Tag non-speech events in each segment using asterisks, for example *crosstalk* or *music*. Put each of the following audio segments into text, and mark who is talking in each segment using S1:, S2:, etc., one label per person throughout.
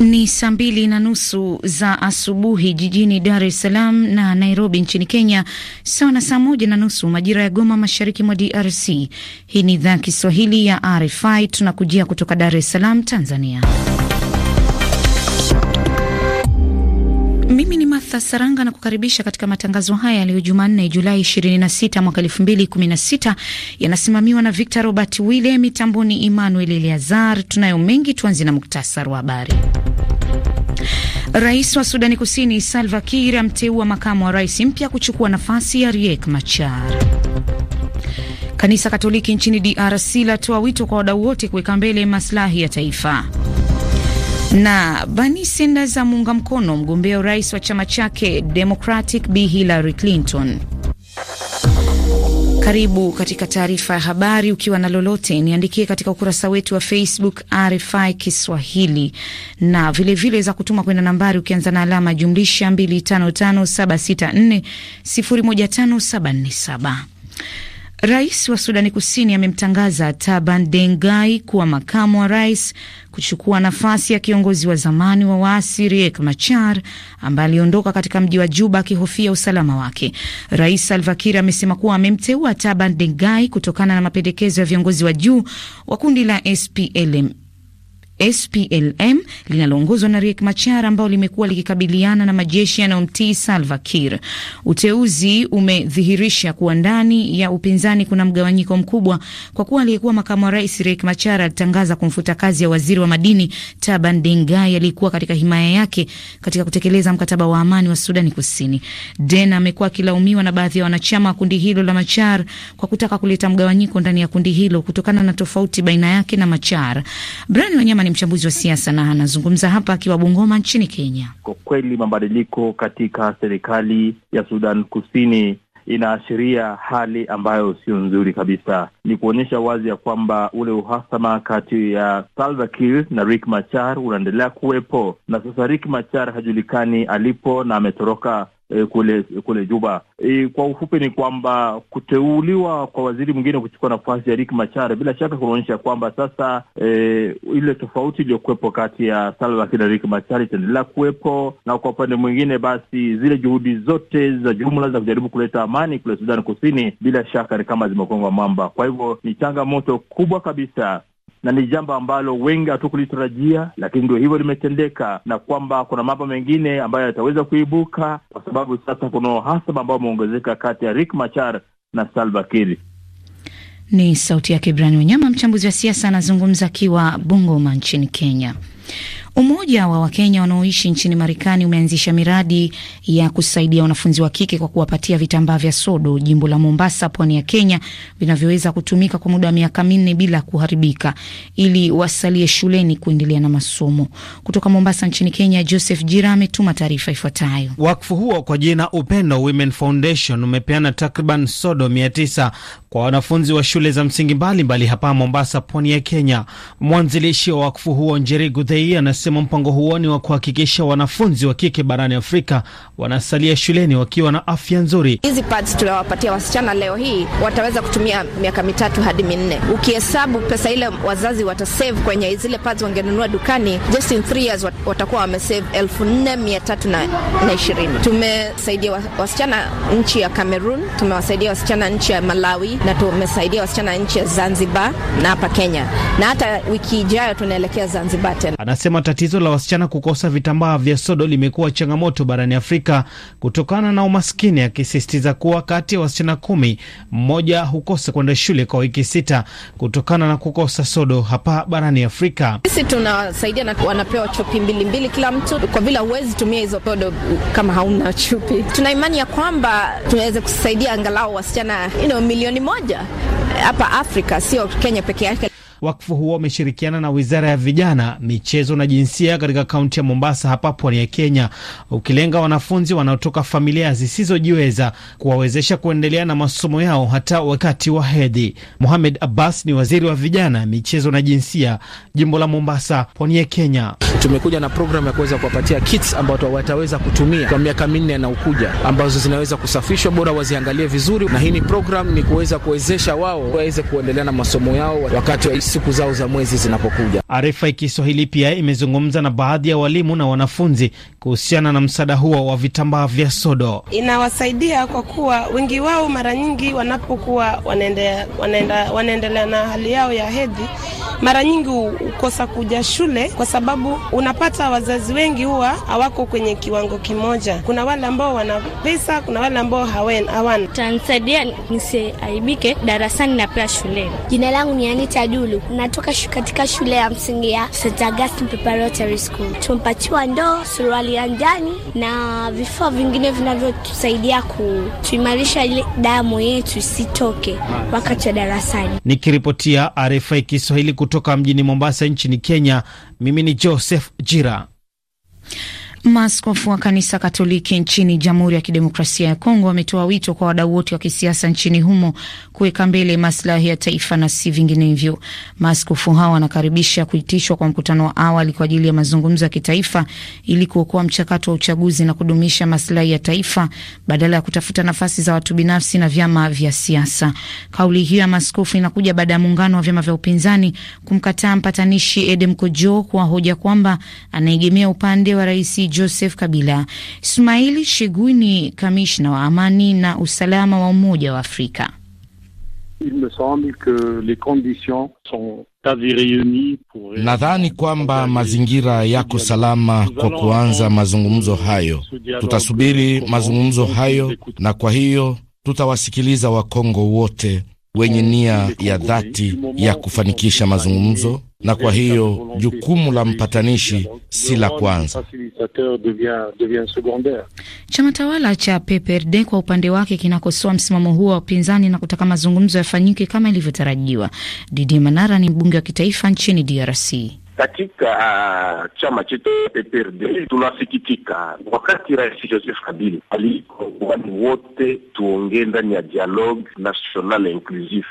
S1: Ni saa mbili na nusu za asubuhi jijini Dar es Salaam na Nairobi nchini Kenya, sawa na saa moja na nusu majira ya Goma, mashariki mwa DRC. Hii ni idhaa Kiswahili ya RFI, tunakujia kutoka Dar es Salaam, Tanzania. Mimi ni Martha Saranga na kukaribisha katika matangazo haya yaliyo Jumanne, Julai 26 mwaka 2016. Yanasimamiwa na Victor Robert Wille, mitamboni Emmanuel eleazar Tunayo mengi, tuanze na muktasari wa habari. Rais wa Sudani Kusini Salva Kiir amteua makamu wa rais mpya kuchukua nafasi ya Riek Machar. Kanisa Katoliki nchini DRC latoa wito kwa wadau wote kuweka mbele maslahi ya taifa. Na Bernie Sanders amuunga mkono mgombea urais wa chama chake Democratic Bi Hillary Clinton. Karibu katika taarifa ya habari. Ukiwa na lolote, niandikie katika ukurasa wetu wa Facebook RFI Kiswahili, na vilevile vile za kutuma kwenda nambari ukianza na alama jumlisha 255764015747. Rais wa Sudani Kusini amemtangaza Taban Dengai kuwa makamu wa rais kuchukua nafasi ya kiongozi wa zamani wa waasi Riek Machar ambaye aliondoka katika mji wa Juba akihofia usalama wake. Rais Salva Kiir amesema kuwa amemteua Taban Dengai kutokana na mapendekezo ya viongozi wa juu wa kundi la SPLM SPLM linaloongozwa na Riek Machar ambao limekuwa likikabiliana na majeshi yanayomtii Salva Kiir. Uteuzi umedhihirisha kuwa ndani ya upinzani kuna mgawanyiko mkubwa kwa kuwa aliyekuwa makamu wa rais Riek Machar alitangaza kumfuta kazi ya waziri wa madini Taban Dengai aliyekuwa katika himaya yake katika kutekeleza mkataba wa amani wa Sudani Kusini. Dena amekuwa akilaumiwa na baadhi ya wanachama wa kundi hilo la Machar kwa kutaka kuleta mgawanyiko ndani ya kundi hilo kutokana na tofauti baina yake na Machar. Brian Wanyama ni mchambuzi wa siasa na anazungumza hapa akiwa Bungoma nchini Kenya.
S2: Kwa kweli mabadiliko katika serikali ya Sudan Kusini inaashiria hali ambayo sio nzuri kabisa. Ni kuonyesha wazi ya kwamba ule uhasama kati ya Salva Kiir na Riek Machar unaendelea kuwepo, na sasa Riek Machar hajulikani alipo na ametoroka eh, kule kule Juba. E, kwa ufupi ni kwamba kuteuliwa kwa waziri mwingine kuchukua nafasi ya Rik Machar bila shaka kunaonyesha kwamba sasa eh, ile tofauti iliyokuwepo kati ya Salva Kiir na Rik Machar itaendelea kuwepo, na kwa upande mwingine basi zile juhudi zote za jumla za kujaribu kuleta amani kule sudani Kusini bila shaka ni kama zimekongwa mwamba. Kwa hivyo ni changamoto kubwa kabisa na ni jambo ambalo wengi hatukulitarajia, lakini ndio hivyo limetendeka, na kwamba kuna mambo mengine ambayo yataweza kuibuka sababu sasa kuna uhasama ambao umeongezeka kati ya rik Machar na Salva Kiir.
S1: Ni sauti yake Ibrahim Wanyama, mchambuzi wa siasa, anazungumza akiwa Bungoma nchini Kenya. Umoja wa Wakenya wanaoishi nchini Marekani umeanzisha miradi ya kusaidia wanafunzi wa kike kwa kuwapatia vitambaa vya sodo, jimbo la Mombasa, pwani ya Kenya, vinavyoweza kutumika kwa muda wa miaka minne bila kuharibika, ili wasalie shuleni kuendelea na masomo. Kutoka Mombasa nchini Kenya, Joseph Jira ametuma taarifa ifuatayo.
S3: Wakfu huo kwa jina Upendo Women Foundation umepeana takriban sodo mia tisa kwa wanafunzi wa shule za msingi mbalimbali hapa Mombasa, pwani ya Kenya. Mwanzilishi wa wakfu huo Njeri Gudhei anasema amesema mpango huo ni wa kuhakikisha wanafunzi wa kike barani Afrika wanasalia shuleni wakiwa na afya nzuri.
S1: Hizi pads tuliwapatia wasichana leo hii wataweza kutumia miaka mitatu hadi minne. Ukihesabu pesa ile wazazi watasave kwenye zile pads wangenunua dukani, just in three years watakuwa wamesave elfu nne mia tatu na ishirini. Tumesaidia wasichana nchi ya Cameroon, tumewasaidia wasichana nchi ya Malawi na tumesaidia wasichana nchi ya Zanzibar na hapa Kenya, na hata wiki ijayo tunaelekea Zanzibar tena, anasema
S3: tatizo la wasichana kukosa vitambaa vya sodo limekuwa changamoto barani Afrika kutokana na umaskini, akisisitiza kuwa kati ya wasichana kumi mmoja hukosa kwenda shule kwa wiki sita kutokana na kukosa sodo hapa barani Afrika.
S1: Sisi tunasaidia na wanapewa chupi mbili mbili kila mtu, kwa vile huwezi tumia hizo sodo kama hauna chupi. Tuna imani ya kwamba tunaweza kusaidia angalau wasichana you know, milioni moja hapa Afrika, sio Kenya peke yake.
S3: Wakfu huo umeshirikiana na wizara ya vijana, michezo na jinsia katika kaunti ya Mombasa hapa pwani ya Kenya, ukilenga wanafunzi wanaotoka familia zisizojiweza kuwawezesha kuendelea na masomo yao hata wakati wa hedhi. Mohamed Abbas ni waziri wa vijana, michezo na jinsia, jimbo la Mombasa, pwani ya Kenya.
S4: Tumekuja na programu ya kuweza kuwapatia kits ambao wataweza kutumia kwa miaka minne yanaokuja, ambazo zinaweza kusafishwa, bora waziangalie vizuri, na hii ni programu ni kuweza kuwezesha wao waweze kuendelea na masomo yao wakati wa siku zao za mwezi
S3: zinapokuja. RFI Kiswahili pia imezungumza na baadhi ya walimu na wanafunzi kuhusiana na msaada huo wa vitambaa vya sodo.
S1: Inawasaidia kwa kuwa wengi wao mara nyingi wanapokuwa wanaendelea wanaenda, wanaendelea na hali yao ya hedhi, mara nyingi hukosa kuja shule kwa sababu unapata wazazi wengi huwa hawako kwenye kiwango kimoja. Kuna wale ambao wana pesa, kuna wale ambao hawana. tansaidia nisiaibike darasani na pia
S5: shuleni. Jina langu ni Anita Dulu. Natoka katika shule ya msingi ya St. Augustine Preparatory School. Tumepatiwa ndoo, suruali ya ndani na vifaa vingine vinavyotusaidia kutuimarisha ile damu yetu isitoke wakati wa darasani.
S3: Nikiripotia RFI Kiswahili kutoka mjini Mombasa nchini Kenya, mimi ni Joseph Jira.
S1: Maaskofu wa kanisa Katoliki nchini Jamhuri ya Kidemokrasia ya Kongo wametoa wito kwa wadau wote wa kisiasa nchini humo kuweka mbele maslahi ya taifa na si vinginevyo. Maaskofu hao wanakaribisha kuitishwa kwa mkutano wa awali kwa ajili ya mazungumzo ya kitaifa ili kuokoa mchakato wa uchaguzi na kudumisha maslahi ya taifa badala ya kutafuta nafasi za watu binafsi na vyama vya siasa. Kauli hiyo ya maaskofu inakuja baada ya muungano wa vyama vya upinzani kumkataa mpatanishi Edem Kojo kwa hoja kwamba anaegemea upande wa rais Joseph Kabila. Ismail Shegui ni kamishna wa amani na usalama wa Umoja wa Afrika.
S6: Nadhani kwamba mazingira yako salama kwa kuanza mazungumzo hayo. Tutasubiri mazungumzo hayo, na kwa hiyo tutawasikiliza Wakongo wote wenye nia ya dhati ya kufanikisha mazungumzo na kwa hiyo jukumu la mpatanishi si la kwanza.
S1: Chama tawala cha PPRD kwa upande wake kinakosoa msimamo huo wa upinzani na kutaka mazungumzo yafanyike kama ilivyotarajiwa. Didi Manara ni mbunge wa kitaifa nchini DRC
S2: katika uh, chama chetu PPRD tunasikitika, wakati Rais Joseph Kabila aliko wani wote tuongee ndani ya dialogue national inclusif.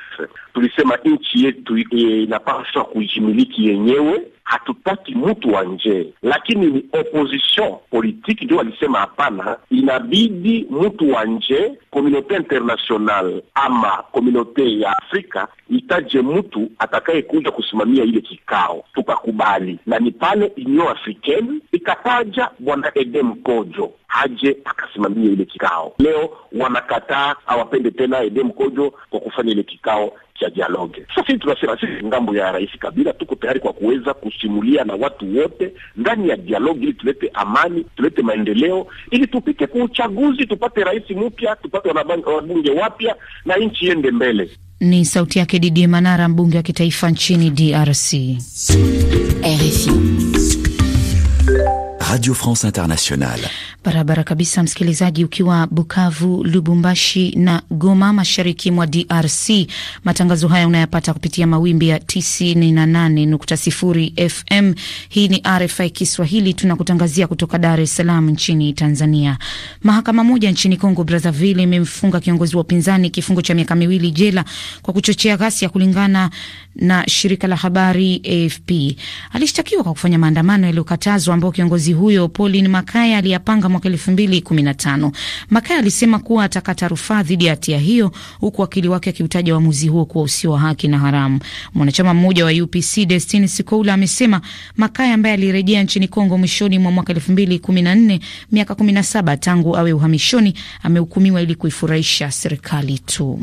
S2: Tulisema nchi yetu e, inapaswa kujimiliki yenyewe, hatutaki mtu wa nje, lakini ni opposition politique ndio walisema hapana, inabidi mtu wa nje, komunote international ama komunote ya Afrika itaje mtu atakayekuja kusimamia ile kikao tukaku walikubali, na ni pale Union Africaine ikataja bwana Edem Kojo aje akasimamia ile kikao. Leo wanakataa, hawapende tena Ede Kojo kwa kufanya ile kikao cha dialogue. Sasa sisi tunasema sisi ngambo ya Rais Kabila tuko tayari kwa kuweza kusimulia na watu wote ndani ya dialogue, ili tulete amani, tulete maendeleo, ili tupite kwa uchaguzi, tupate rais mpya, tupate wabunge wapya na nchi iende mbele.
S1: Ni sauti yake Didie Manara, mbunge wa kitaifa nchini DRC, RFI
S6: Radio France Internationale
S1: barabara kabisa, msikilizaji, ukiwa Bukavu, Lubumbashi na Goma, mashariki mwa DRC. Matangazo haya unayapata kupitia mawimbi ya 98.0 FM. Hii ni RFI Kiswahili, tunakutangazia kutoka Dar es Salaam nchini Tanzania. Mahakama moja nchini congo Brazzaville imemfunga kiongozi wa upinzani kifungo cha miaka miwili jela kwa kuchochea ghasia, kulingana na shirika la habari AFP. Alishtakiwa kwa kufanya maandamano yaliyokatazwa ambao kiongozi huyo Pauline Makaya aliyapanga mwaka tano. Makaya alisema kuwa atakata rufaa dhidi ya hatia hiyo, huku wakili wake akiutaja uamuzi huo kuwa usio wa haki na haramu. Mwanachama mmoja wa UPC Destin Sikoula amesema Makaya ambaye alirejea nchini Kongo mwishoni mwa mwaka nne, miaka saba tangu awe uhamishoni, amehukumiwa ili kuifurahisha serikali tu.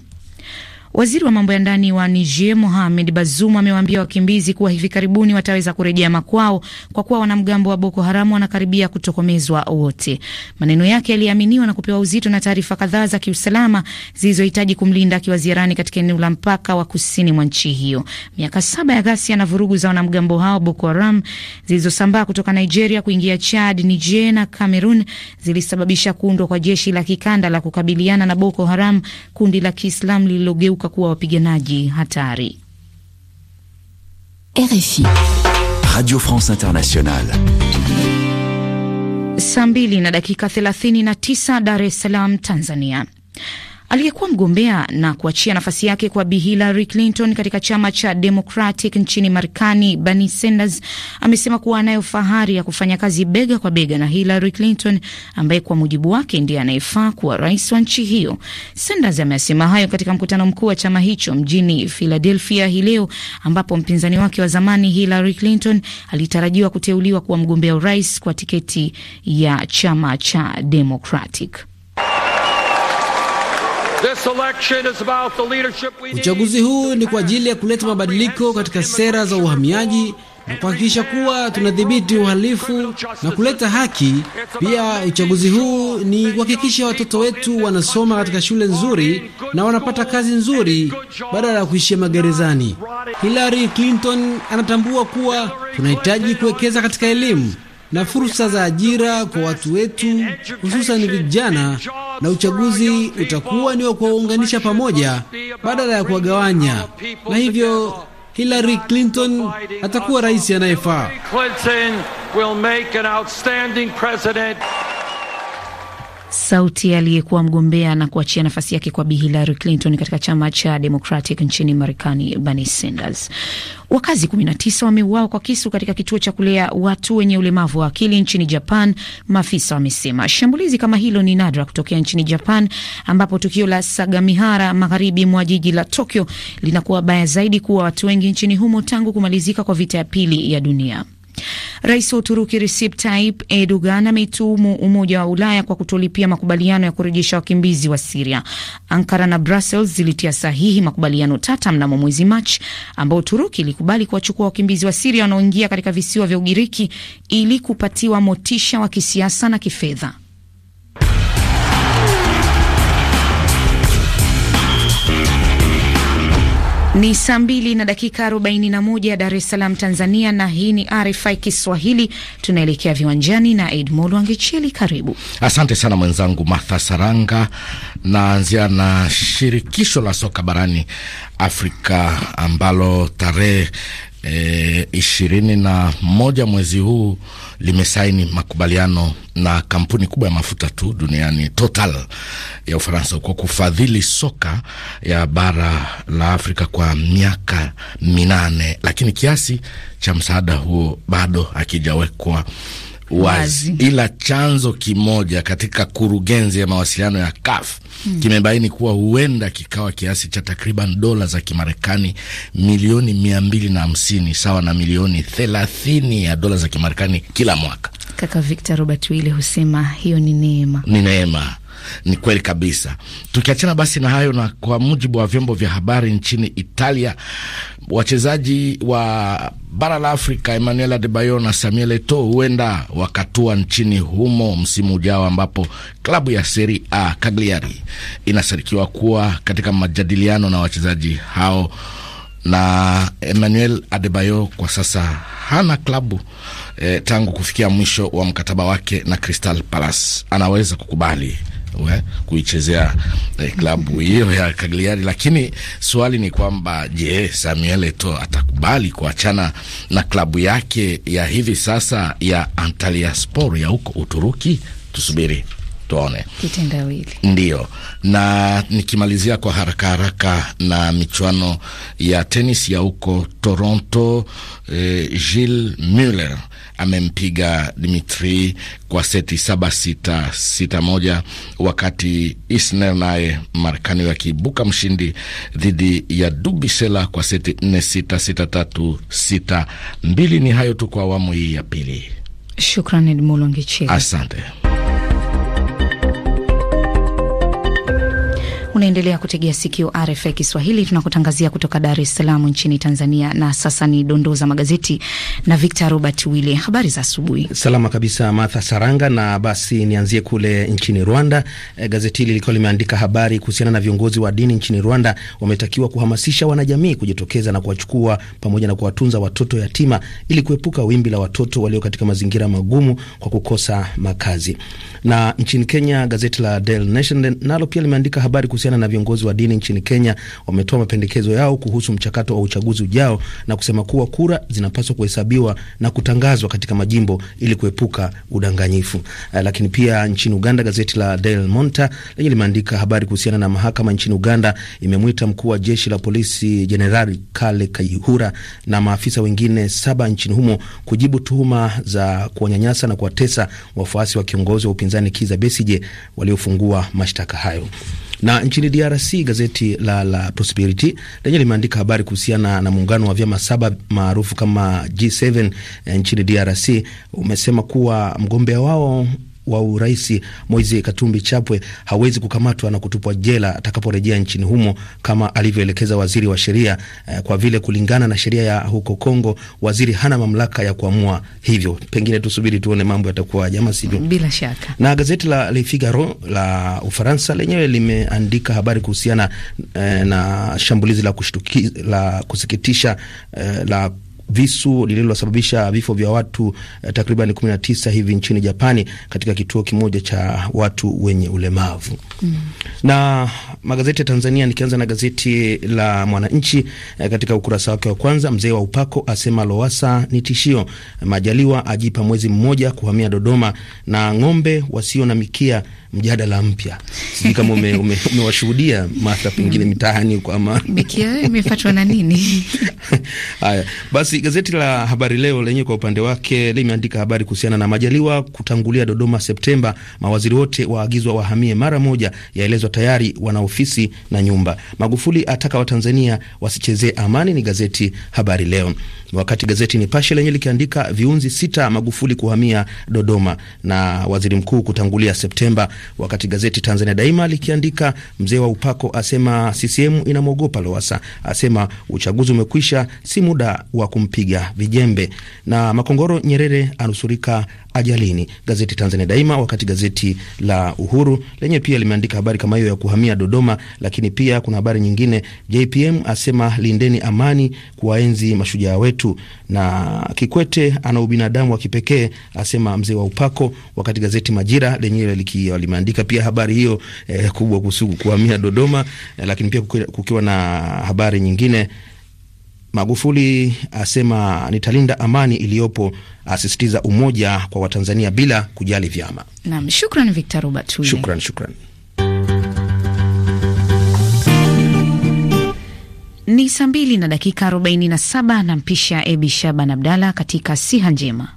S1: Waziri wa mambo ya ndani wa Niger Mohamed Bazoum amewaambia wakimbizi kuwa hivi karibuni wataweza kurejea makwao kwa kuwa wanamgambo wa Boko Haramu wanakaribia kutokomezwa wote. Maneno yake yaliaminiwa na kupewa uzito na taarifa kadhaa za kiusalama zilizohitaji kumlinda akiwa ziarani katika eneo la mpaka wa kusini mwa nchi hiyo. Miaka saba ya ghasia na vurugu za wanamgambo hao Boko Haram zilizosambaa kutoka Nigeria kuingia Chad, Niger na Cameroon zilisababisha kuundwa kwa jeshi la kikanda la kukabiliana na Boko Haram, kundi la Kiislamu lililogeuka kugeuka kuwa wapiganaji hatari.
S6: RFI Radio France Internationale.
S1: Saa mbili na dakika 39 Dar es Salaam, Tanzania aliyekuwa mgombea na kuachia nafasi yake kwa Bi Hillary Clinton katika chama cha Democratic nchini Marekani, Bernie Sanders amesema kuwa anayo fahari ya kufanya kazi bega kwa bega na Hillary Clinton ambaye kwa mujibu wake ndiye anayefaa kuwa rais wa nchi hiyo. Sanders amesema hayo katika mkutano mkuu wa chama hicho mjini Philadelphia hii leo, ambapo mpinzani wake wa zamani Hillary Clinton alitarajiwa kuteuliwa kuwa mgombea urais kwa tiketi ya chama cha Democratic. Uchaguzi huu ni kwa
S7: ajili ya kuleta mabadiliko katika sera za uhamiaji na kuhakikisha kuwa tunadhibiti uhalifu na kuleta haki. Pia uchaguzi huu ni kuhakikisha watoto wetu wanasoma katika shule nzuri na wanapata kazi nzuri badala ya kuishia magerezani. Hillary Clinton anatambua kuwa tunahitaji kuwekeza katika elimu na fursa za ajira kwa watu wetu, hususan vijana na uchaguzi utakuwa ni wa kuwaunganisha pamoja badala ya kuwagawanya, na hivyo Hillary Clinton atakuwa rais anayefaa
S1: sauti aliyekuwa mgombea na kuachia nafasi yake kwa Bi Hillary Clinton katika chama cha Democratic nchini Marekani, Bernie Sanders. Wakazi 19 wameuawa kwa kisu katika kituo cha kulea watu wenye ulemavu wa akili nchini Japan, maafisa wamesema. Shambulizi kama hilo ni nadra kutokea nchini Japan, ambapo tukio la Sagamihara magharibi mwa jiji la Tokyo linakuwa baya zaidi kuwa watu wengi nchini humo tangu kumalizika kwa vita ya pili ya dunia. Rais wa Uturuki Recep Tayyip Erdogan ameituhumu Umoja wa Ulaya kwa kutolipia makubaliano ya kurejesha wakimbizi wa Siria. Ankara na Brussels zilitia sahihi makubaliano tata mnamo mwezi Machi, ambao Uturuki ilikubali kuwachukua wakimbizi wa Siria wanaoingia katika visiwa vya Ugiriki ili kupatiwa motisha wa kisiasa na kifedha. Ni saa mbili na dakika arobaini na moja Dar es Salaam, Tanzania, na hii ni RFI Kiswahili. Tunaelekea viwanjani na Edmond Wangicheli, karibu.
S6: Asante sana mwenzangu Martha Saranga. Naanzia na shirikisho la soka barani Afrika ambalo tarehe E, ishirini na moja mwezi huu limesaini makubaliano na kampuni kubwa ya mafuta tu duniani Total ya Ufaransa kwa kufadhili soka ya bara la Afrika kwa miaka minane, lakini kiasi cha msaada huo bado hakijawekwa wazi, ila chanzo kimoja katika kurugenzi ya mawasiliano ya CAF hmm, kimebaini kuwa huenda kikawa kiasi cha takriban dola za Kimarekani milioni mia mbili na hamsini sawa na milioni thelathini ya dola za Kimarekani kila mwaka.
S1: Kaka Victor Robert Wile husema hiyo ni neema,
S6: ni neema ni kweli kabisa. Tukiachana basi na hayo, na kwa mujibu wa vyombo vya habari nchini Italia, wachezaji wa bara la Afrika Emmanuel Adebayor na Samuel Eto'o huenda wakatua nchini humo msimu ujao, ambapo klabu ya Serie A Cagliari inasarikiwa kuwa katika majadiliano na wachezaji hao na Emmanuel Adebayor kwa sasa hana klabu eh, tangu kufikia mwisho wa mkataba wake na Crystal Palace, anaweza kukubali Eh, kuichezea eh, klabu hiyo ya Cagliari. Lakini swali ni kwamba je, Samuel Eto atakubali kuachana na klabu yake ya hivi sasa ya spor ya huko Uturuki? Tusubiri tuone
S1: kitendawili.
S6: Ndio, na nikimalizia kwa haraka haraka na michuano ya tenis ya huko Toronto, eh, Gilles Muller amempiga Dimitri kwa seti saba sita sita moja, wakati Isner naye Marekani akiibuka mshindi dhidi ya Dubisela kwa seti nne sita sita tatu sita mbili. Ni hayo tu kwa awamu hii ya pili.
S1: Shukrani Mulongichi,
S6: asante. Thank you.
S1: Unaendelea kutegea sikio RFI Kiswahili, tunakutangazia kutoka Dar es Salaam nchini Tanzania. Na sasa ni dondoo za magazeti na Victor Robert Wille. Habari za asubuhi.
S4: Salama kabisa, Martha Saranga. Na basi nianzie kule nchini Rwanda. E, gazeti hili lilikuwa limeandika habari kuhusiana na viongozi wa dini nchini Rwanda wametakiwa kuhamasisha wanajamii kujitokeza na kuwachukua pamoja na kuwatunza watoto yatima ili kuepuka wimbi la watoto walio katika mazingira magumu kwa kukosa makazi. Na nchini Kenya, gazeti la Daily Nation nalo pia limeandika habari kuhusiana kukutana na viongozi wa dini nchini Kenya wametoa mapendekezo yao kuhusu mchakato wa uchaguzi ujao na kusema kuwa kura zinapaswa kuhesabiwa na kutangazwa katika majimbo ili kuepuka udanganyifu. Uh, lakini pia nchini Uganda gazeti la Daily lenye limeandika habari kuhusiana na mahakama nchini Uganda imemwita mkuu wa jeshi la polisi Jenerali Kale Kaihura na maafisa wengine saba nchini humo kujibu tuhuma za kuwanyanyasa na kuwatesa wafuasi wa kiongozi wa upinzani Kizza Besigye waliofungua mashtaka hayo. Na nchini DRC gazeti la la Prosperity lenye limeandika habari kuhusiana na muungano wa vyama saba maarufu kama G7 eh, nchini DRC umesema kuwa mgombea wao wa urais Moise Katumbi Chapwe hawezi kukamatwa na kutupwa jela atakaporejea nchini humo kama alivyoelekeza waziri wa sheria eh, kwa vile kulingana na sheria ya huko Kongo waziri hana mamlaka ya kuamua hivyo. Pengine tusubiri tuone mambo yatakuwaje, ama sivyo?
S1: Bila shaka.
S4: Na gazeti la Le Figaro la Ufaransa lenyewe limeandika habari kuhusiana eh, na shambulizi la kushtuki, la kusikitisha eh, la visu lililosababisha vifo vya watu eh, takriban 19 hivi nchini Japani katika kituo kimoja cha watu wenye ulemavu. Mm. Na magazeti ya Tanzania nikianza na gazeti la Mwananchi eh, katika ukurasa wake wa kwanza mzee wa upako asema Lowasa ni tishio, Majaliwa ajipa mwezi mmoja kuhamia Dodoma na ng'ombe wasio na mikia mjadala mpya. Sijui kama umewashuhudia ume, ume Martha, pengine mitaani kwama
S1: imepatwa na nini?
S4: *laughs* Haya basi, gazeti la Habari Leo lenyewe kwa upande wake limeandika habari kuhusiana na Majaliwa kutangulia Dodoma Septemba, mawaziri wote waagizwa wahamie mara moja, yaelezwa tayari wana ofisi na nyumba. Magufuli ataka Watanzania wasichezee amani, ni gazeti Habari Leo. Ni wakati gazeti Nipashe lenye likiandika viunzi sita Magufuli kuhamia Dodoma na waziri mkuu kutangulia Septemba, wakati gazeti Tanzania Daima likiandika mzee wa upako asema CCM inamwogopa Lowasa, asema uchaguzi umekwisha, si muda wa kumpiga vijembe, na Makongoro Nyerere anusurika ajalini. Gazeti Tanzania Daima, wakati gazeti la Uhuru lenye pia limeandika habari kama hiyo ya kuhamia Dodoma, lakini pia kuna habari nyingine, JPM asema lindeni amani kuwaenzi mashujaa wetu, na Kikwete ana ubinadamu wa kipekee asema mzee wa upako, wakati gazeti Majira lenyewe limeandika pia habari hiyo eh, kubwa kuhusu kuhamia Dodoma eh, lakini pia kukiwa na habari nyingine Magufuli asema nitalinda amani iliyopo, asisitiza umoja kwa Watanzania bila kujali vyama.
S1: Naam, shukran Victor Robert. Shukran, shukran. Ni saa mbili na dakika 47 na mpisha Ebi Shaban Abdalla katika siha njema.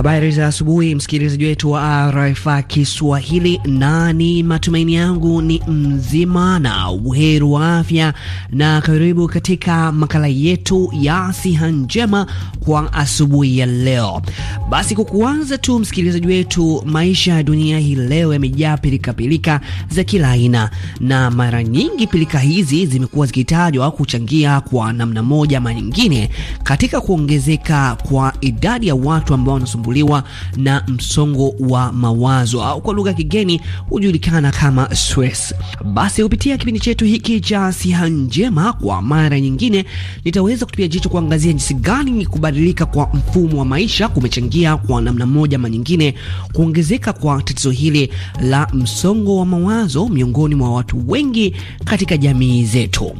S5: Habari za asubuhi, msikilizaji wetu wa RFA Kiswahili, na ni matumaini yangu ni mzima na uheru wa afya, na karibu katika makala yetu ya siha njema kwa asubuhi ya leo. Basi kwa kuanza tu, msikilizaji wetu, maisha ya dunia hii leo yamejaa pilikapilika za kila aina, na mara nyingi pilika hizi zimekuwa zikitajwa kuchangia kwa namna moja ama nyingine katika kuongezeka kwa idadi ya watu ambao wanasumbua kusumbuliwa na msongo wa mawazo au kwa lugha ya kigeni hujulikana kama stress. Basi kupitia kipindi chetu hiki cha Siha Njema, kwa mara nyingine nitaweza kutupia jicho kuangazia jinsi gani kubadilika kwa mfumo wa maisha kumechangia kwa namna moja ama nyingine kuongezeka kwa tatizo hili la msongo wa mawazo miongoni mwa watu wengi katika jamii zetu.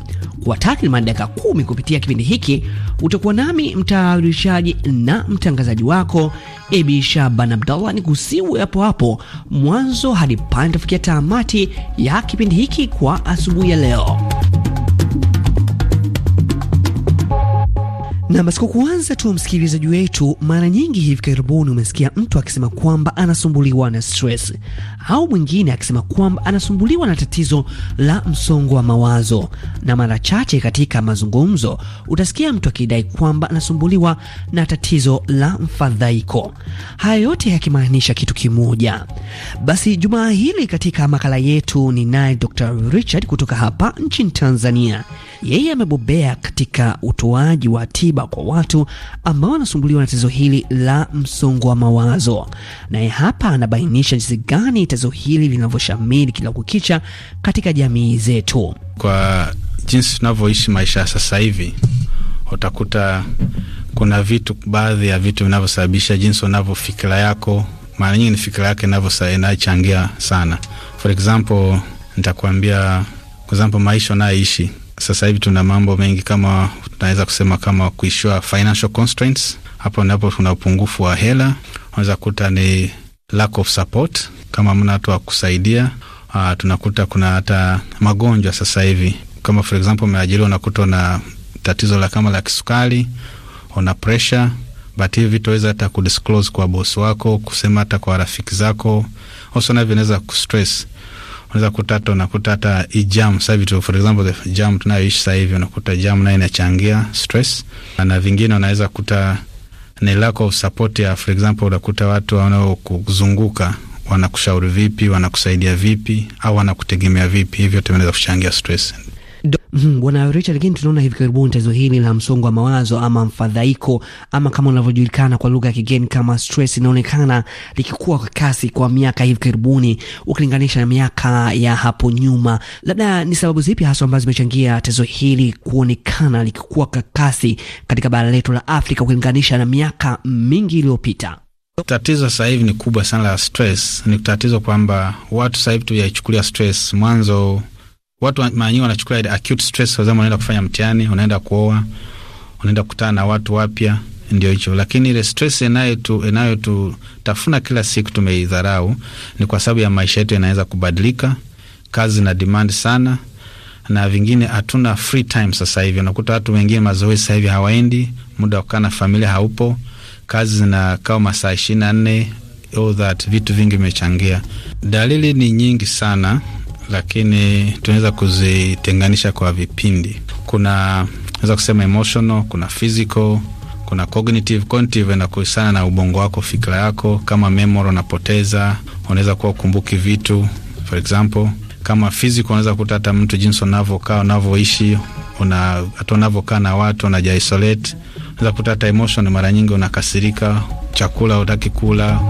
S5: Kwa takriban dakika kumi kupitia kipindi hiki utakuwa nami mtayarishaji na mtangazaji wako ibi Shaban Abdallah ni kusiwe hapo hapo mwanzo hadi pande kufikia tamati ya kipindi hiki kwa asubuhi ya leo. Na basi kwa kuanza tu, msikilizaji wetu, mara nyingi hivi karibuni umesikia mtu akisema kwamba anasumbuliwa na stress au mwingine akisema kwamba anasumbuliwa na tatizo la msongo wa mawazo, na mara chache katika mazungumzo utasikia mtu akidai kwamba anasumbuliwa na tatizo la mfadhaiko. Haya yote yakimaanisha kitu kimoja. Basi jumaa hili katika makala yetu ni naye Dr. Richard kutoka hapa nchini Tanzania. Yeye amebobea katika utoaji wa tiba tiba kwa watu ambao wanasumbuliwa na tatizo hili la msongo wa mawazo. Naye hapa anabainisha jinsi gani tatizo hili linavyoshamiri kila kukicha katika jamii zetu.
S7: Kwa jinsi tunavyoishi maisha sasa hivi, utakuta kuna vitu, baadhi ya vitu vinavyosababisha jinsi unavyofikira yako, mara nyingi ni fikira yake inayochangia sana. For example, nitakuambia kwa example, maisha unayoishi sasa hivi tuna mambo mengi, kama tunaweza kusema kama kuishua financial constraints. Hapo ndipo tuna upungufu wa hela, unaweza kuta ni lack of support, kama mna watu wa kusaidia. Uh, tunakuta kuna hata magonjwa sasa hivi, kama for example umeajiriwa, unakuta na tatizo la kama la kisukari, una pressure but hivi vitaweza hata kudisclose kwa bosi wako, kusema hata kwa rafiki zako, also navyo inaweza kustress unaweza kuta hata unakuta hata hii jam sasa hivi for example the jam tunayoishi sasa hivi unakuta jam nayo inachangia stress, na vingine unaweza kuta ni lack of support ya for example, unakuta watu wanaokuzunguka wanakushauri vipi, wanakusaidia vipi, au wanakutegemea vipi, hivyo tunaweza kuchangia stress.
S5: Hmm, Bwana Richard Gene, tunaona hivi karibuni tatizo hili la msongo wa mawazo ama mfadhaiko ama kama unavyojulikana kwa lugha ya kigeni kama stress inaonekana likikuwa kwa kasi kwa miaka hivi karibuni ukilinganisha na miaka ya hapo nyuma. Labda ni sababu zipi hasa ambazo zimechangia tatizo hili kuonekana likikuwa kwa kasi katika bara letu la Afrika ukilinganisha na miaka mingi iliyopita?
S7: Tatizo sasa hivi ni kubwa sana la stress. Ni tatizo kwamba watu sasa hivi tuyaichukulia stress mwanzo watu mara nyingi wanachukua ile acute stress, kwa sababu unaenda kufanya mtihani, unaenda kuoa, unaenda kukutana na watu wapya, ndio hicho. Lakini ile stress inayotu inayotutafuna kila siku tumeidharau, ni kwa sababu ya maisha yetu yanaweza kubadilika, kazi na demand sana na vingine hatuna free time sasa hivi. Unakuta watu wengine mazoezi sasa hivi hawaendi, muda wa kukaa na familia haupo, kazi zinakaa masaa ishirini na nne all that, vitu vingi vimechangia. Dalili ni nyingi sana lakini tunaweza kuzitenganisha kwa vipindi. Kuna naweza kusema emotional, kuna physical, kuna cognitive. Cognitive inakuhusiana na ubongo wako, fikra yako, kama memory unapoteza, unaweza kuwa ukumbuki vitu for example kama physical unaweza kuta hata mtu jinsi unavyokaa unavyoishi, una hata unavyokaa na watu unaja isolate. Unaweza kuta hata emotion, mara nyingi unakasirika, chakula hutaki kula.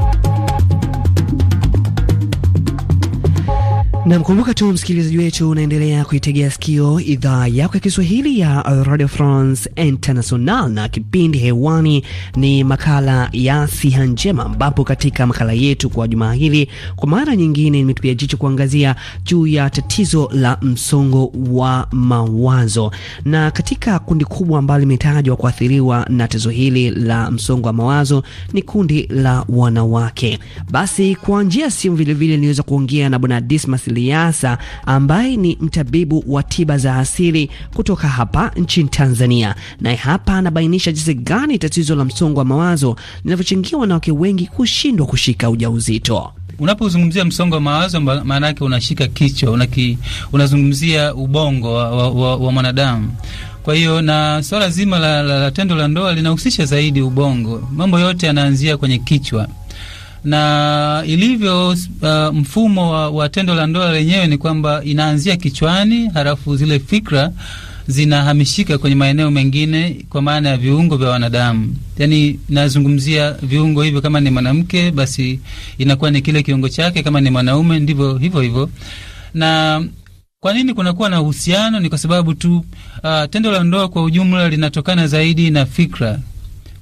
S5: Namkumbuka tu msikilizaji wetu, unaendelea kuitegea sikio idhaa yako ya Kiswahili ya Radio France International, na kipindi hewani ni makala ya Siha Njema, ambapo katika makala yetu kwa jumaa hili, kwa mara nyingine, nimetupia jicho kuangazia juu ya tatizo la msongo wa mawazo. Na katika kundi kubwa ambalo limetajwa kuathiriwa na tatizo hili la msongo wa mawazo ni kundi la wanawake. Basi kwa njia simu vilevile niliweza kuongea na Bwana Dismas Liasa ambaye ni mtabibu wa tiba za asili kutoka hapa nchini Tanzania, naye hapa anabainisha jinsi gani tatizo la msongo wa mawazo linavyochangia wanawake wengi kushindwa kushika ujauzito.
S8: Unapozungumzia msongo wa mawazo, maana yake unashika kichwa, unaki, unazungumzia ubongo wa, wa, wa, wa mwanadamu. Kwa hiyo na swala zima la, la, la tendo la ndoa linahusisha zaidi ubongo. Mambo yote yanaanzia kwenye kichwa na ilivyo uh, mfumo wa, wa tendo la ndoa lenyewe ni kwamba inaanzia kichwani, halafu zile fikra zinahamishika kwenye maeneo mengine, kwa maana ya viungo vya wanadamu. Yani nazungumzia viungo hivyo, kama ni mwanamke basi inakuwa ni kile kiungo chake, kama ni mwanaume ndivyo hivyo hivyo. Na kwa nini kunakuwa na uhusiano? Ni kwa sababu tu uh, tendo la ndoa kwa ujumla linatokana zaidi na fikra,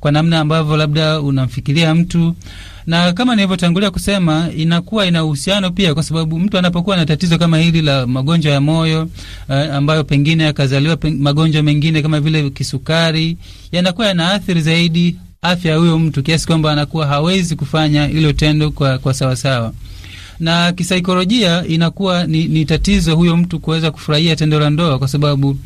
S8: kwa namna ambavyo labda unamfikiria mtu na kama nilivyotangulia kusema inakuwa ina uhusiano pia, kwa sababu mtu anapokuwa na tatizo kama hili la magonjwa ya moyo eh, ambayo pengine yakazaliwa peng, magonjwa mengine kama vile kisukari yanakuwa yanaathiri zaidi afya ya huyo mtu kiasi kwamba anakuwa hawezi kufanya hilo tendo kwa, kwa sawasawa na kisaikolojia inakuwa ni, ni tatizo huyo mtu kuweza kufurahia tendo la ndoa kwa sababu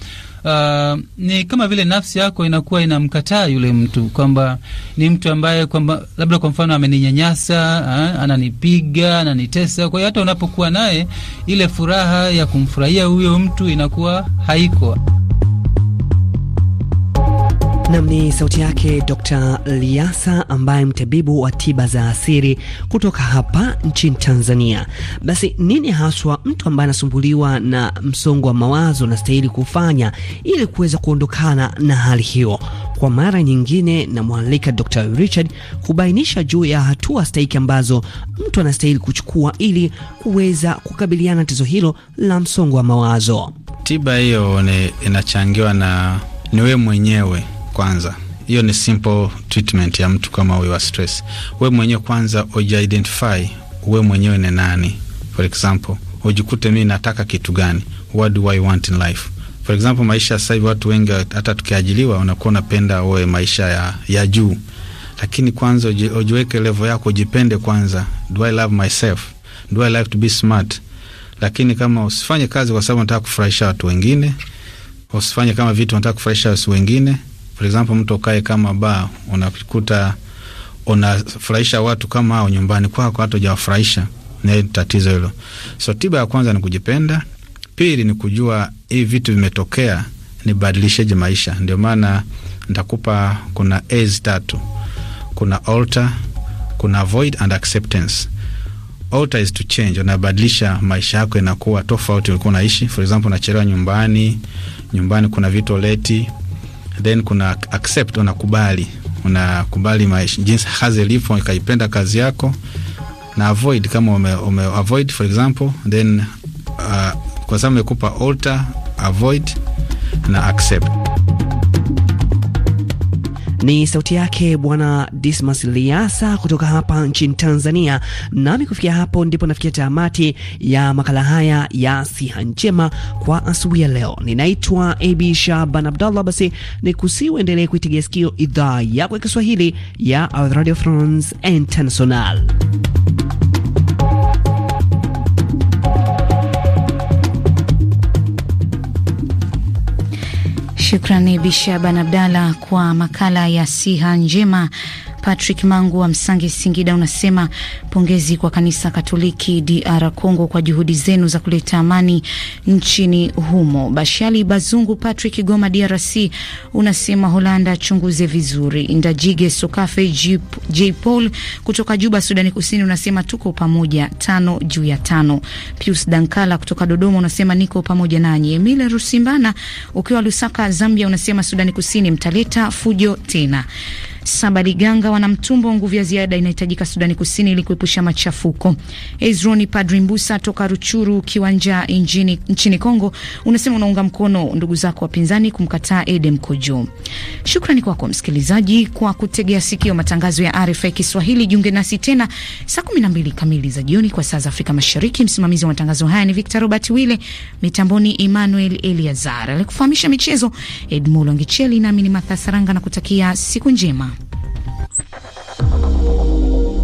S8: uh, ni kama vile nafsi yako inakuwa inamkataa yule mtu kwamba ni mtu ambaye kwamba labda kwa mfano ameninyanyasa, uh, ananipiga, ananitesa. Kwa hiyo hata unapokuwa naye ile furaha ya kumfurahia huyo mtu inakuwa haiko.
S5: Nam ni sauti yake Dr. Liasa ambaye mtabibu wa tiba za asili kutoka hapa nchini Tanzania. Basi nini haswa mtu ambaye anasumbuliwa na msongo wa mawazo anastahili kufanya ili kuweza kuondokana na hali hiyo? Kwa mara nyingine namwalika Dr. Richard kubainisha juu ya hatua stahiki ambazo mtu anastahili kuchukua ili kuweza kukabiliana na tatizo hilo la msongo wa mawazo.
S7: Tiba hiyo inachangiwa na ni wewe mwenyewe kwanza. Hiyo ni simple treatment ya mtu kama huyo wa stress. We mwenyewe kwanza uji identify we mwenyewe ni nani. For example, ujikute mi nataka kitu gani? What do I want in life? For example, maisha sasa hivi watu wengi hata tukiajiliwa unakuwa unapenda uwe maisha ya, ya juu. Lakini kwanza ujiweke level yako, ujipende kwanza. Do I love myself? Do I like to be smart? Lakini kama usifanye kazi kwa sababu unataka kufurahisha watu wengine, usifanye kama vitu unataka kufurahisha watu wengine for example, mtu ukae kama ba, unakuta unafurahisha watu kama hao nyumbani kwako, hata ujawafurahisha, ni tatizo hilo. So tiba ya kwanza ni kujipenda, pili ni kujua hii vitu vimetokea, nibadilisheje maisha. Ndio maana nitakupa kuna A's tatu, kuna alter, kuna avoid and acceptance. Alter is to change, unabadilisha maisha yako, inakuwa tofauti ulikuwa unaishi. For example, unachelewa nyumbani, nyumbani kuna vitu leti then kuna accept, unakubali unakubali maisha jinsi kazi ilivyo, ikaipenda kazi yako na avoid kama ume, ume avoid for example then uh, kwa sababu amekupa alter avoid na accept.
S5: Ni sauti yake Bwana Dismas Liasa kutoka hapa nchini Tanzania. Nami kufikia hapo ndipo nafikia tamati ya makala haya ya siha njema kwa asubuhi ya leo. Ninaitwa ab Shaban Abdallah. Basi ni nikusiuendelee kuitegea sikio idhaa yako ya Kiswahili ya Radio France International.
S1: Shukrani bishaban Abdalla kwa makala ya siha njema Patrick Mangu wa Msangi, Singida, unasema pongezi kwa kanisa Katoliki DR Congo kwa juhudi zenu za kuleta amani nchini humo. Bashali Bazungu Patrick, Goma, DRC, unasema Holanda chunguze vizuri. Ndajige Sokafe J Paul kutoka Juba, Sudani Kusini, unasema tuko pamoja, tano juu ya tano. Pius Dankala kutoka Dodoma unasema niko pamoja nanyi. Emile Rusimbana ukiwa Lusaka, Zambia, unasema Sudani Kusini mtaleta fujo tena. Sabariganga wanamtumbo. Nguvu ya ziada inahitajika Sudani Kusini ili kuepusha machafuko. Ezroni Padri Mbusa toka Ruchuru Kiwanja injini, nchini Kongo unasema unaunga mkono ndugu zako wapinzani kumkataa Edem Kojo. Shukrani kwako msikilizaji kwa kutegea sikio matangazo ya RFI Kiswahili. Jiunge nasi tena saa 12 kamili za jioni kwa saa za Afrika Mashariki. Msimamizi wa matangazo haya ni Victor Robert Wile, mitamboni Emmanuel Eliazar, alikufahamisha michezo Edmulo Ngicheli, nami ni Matha na kutakia siku njema. フフフフ。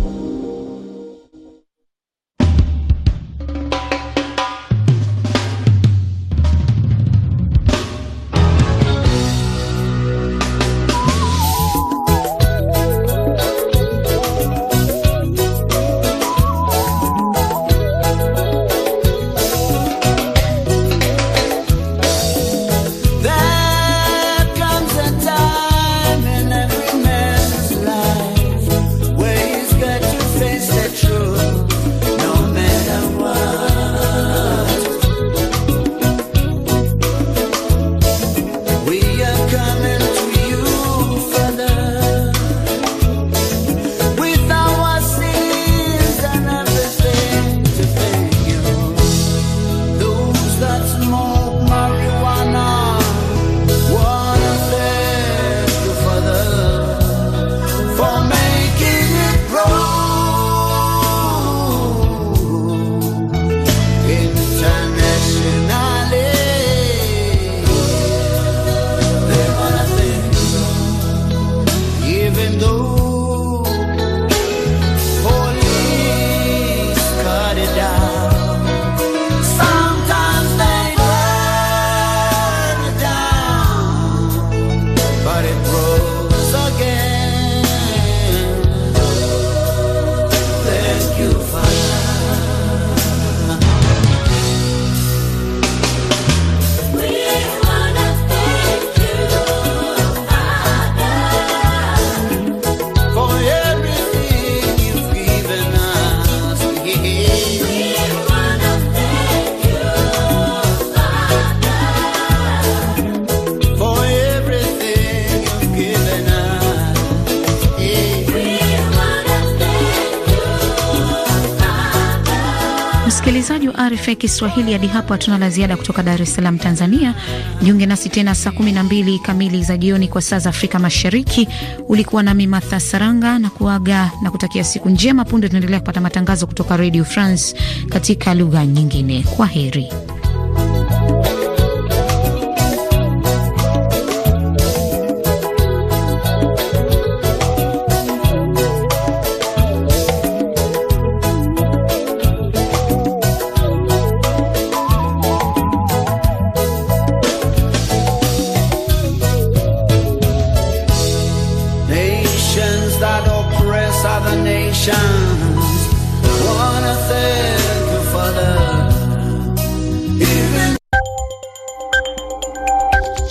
S1: Msikilizaji wa RFI Kiswahili, hadi hapo hatuna la ziada kutoka Dar es Salaam, Tanzania. Jiunge nasi tena saa mbili kamili za jioni kwa saa za Afrika Mashariki. Ulikuwa nami Matha Saranga na kuaga na kutakia siku njema. Punde tunaendelea kupata matangazo kutoka Radio France katika lugha nyingine. Kwa heri.